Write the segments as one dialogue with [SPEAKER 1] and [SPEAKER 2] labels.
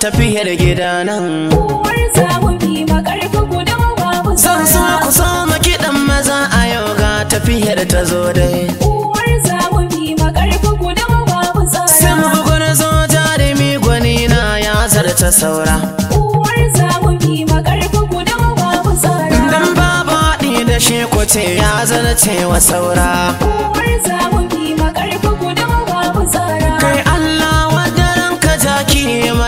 [SPEAKER 1] tafiyar gida nan. Uwar zamu bi makarfi gudan babu Zan so ku so kiɗan maza a yau ga tafiyar ta zo dai. Uwar zamu bi makarfi gudan babu tsara. Sai mu na zo jarumi gwani na ya zarta saura. Uwar zamu bi makarfi gudan babu tsara. Dan babu haɗi da shi ko ce ya zarce wa saura. Uwar zamu bi makarfi gudan babu tsara. Kai Allah wadaran ka jaki ma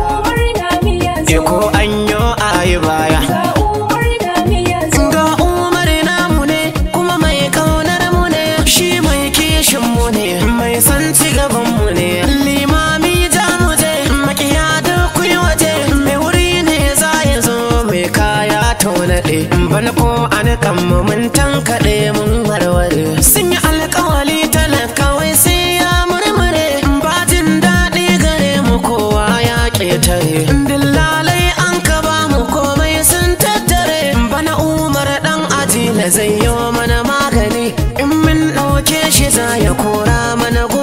[SPEAKER 1] ko an yo ayi baya ga umar namu ne kuma mai kaunar mu ne shi mai kishin mu ne mai san ci gaban mu ne limami ja mu je makiya da kuyi waje mai wuri ne za ya zo mai kaya to naɗe bana ko an kan mu mun tankaɗe mun warware sun yi alƙawali talakawai sai ya murmure ba jin daɗi gare mu kowa ya ƙetare Allah zai yi mana magani in min ɗauke shi za ya kora mana gobe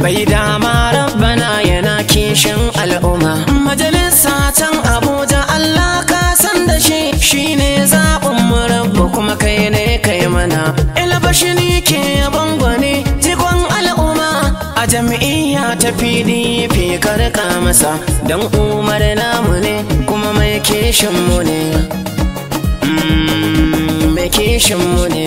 [SPEAKER 1] bai dama rabbana yana kishin al'umma majalisa can abuja allah ka san da shi shine zaɓin mu rabba kuma kai ne kai mana ilbashi ne ke bangwane jikon al'umma a jam'iyya ta pdp karka masa don umar namu ne kuma mai kishin mu ne mm, mai kishin mu ne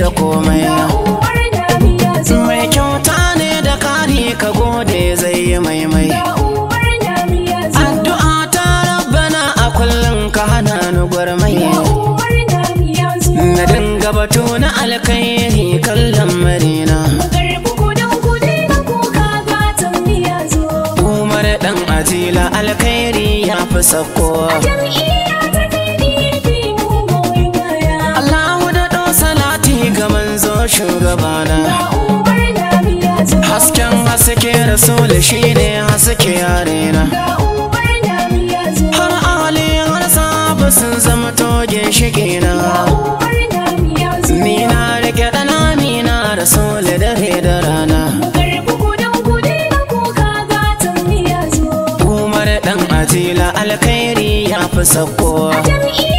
[SPEAKER 1] da komai mai kyauta ne da kari ka gode zai yi maimai addu'a ta rabbana a kullum ka hana ni gwarmai na dinga batu na alkairi kallon marina umar dan ajila alkairi ya fi sakowa shugabana hasken haske rasul shine haske yarena har ali har sabu sun zama toge gina nina rike dana nina rasul dare da rana umar dan atila alkhairi ya fi sakowa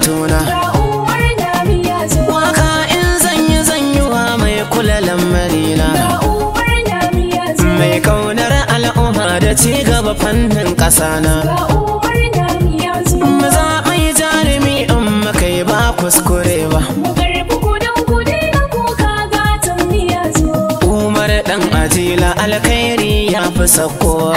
[SPEAKER 1] bukatuna waka in zanyi zanyuwa mai kula lamarina mai kaunar al'umma da ci gaba fannin ƙasana maza mai jarumi in makai ba kuskure ba umar ɗan ajila alkhairi ya fi sakkowa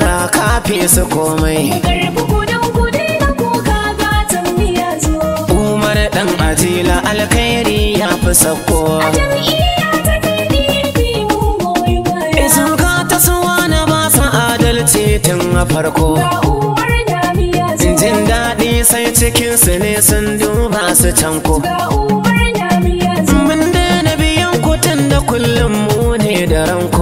[SPEAKER 1] nasara kafin su komai umar dan ajila alkhairi ya fi sako sun ta suwa na ba su adalci tun a farko jin daɗi sai cikinsu ne sun duba su canko mun daina biyan kutan da kullum mu ne da ranko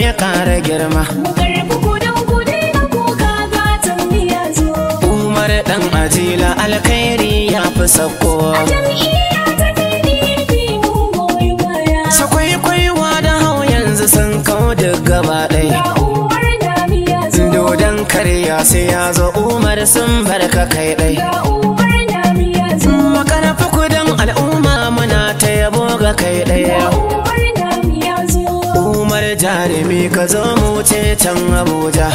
[SPEAKER 1] ya kara girma umar ɗan ajila alkhairi ya fi sako sakwai da hau yanzu sun kawo da gaba Dodon karya sai ya zo umar sun barka kai dai makarafi kudin al'umma muna ta yabo ga kai ɗaya jarumi ka zo mu wuce can abuja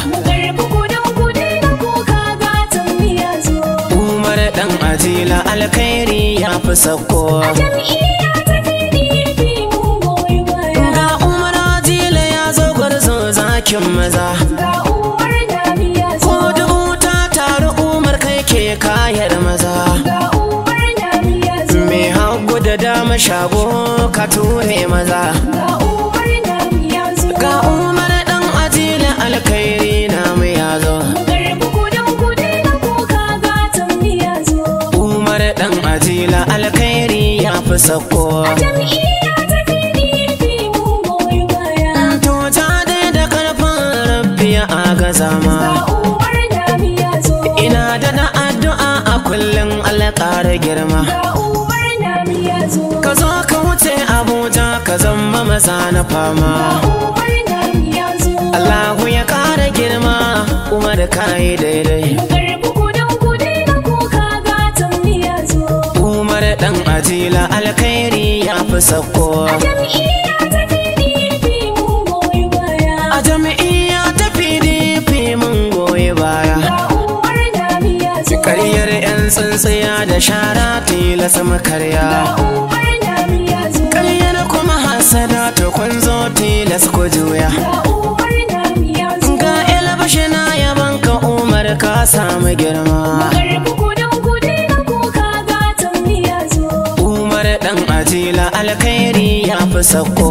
[SPEAKER 1] umar dan ajila alkhairi ya fi sako ga umar ajila ya zo gwarzo zakin maza ko dubu ta taru umar kai ke kayar maza mai hagu da dama shago ka ture maza fi sako. A mu dai da karfin rabbiya a gaza ma. Ina da na addu'a a kullum alƙara girma. Ka zo ka wuce Abuja ka zama maza na fama.
[SPEAKER 2] Allahu ya ƙara girma
[SPEAKER 1] kuma da kayi daidai. dan ajila sako a jam'iyya ta pdp mun goyi baya karyar 'yan tsantsaya da shara tilasa makarya karyar kuma hasada ta kwanzo tilas ku juya ga ilbashina yabanka umar ka samu girma alkhairi ya fi sako.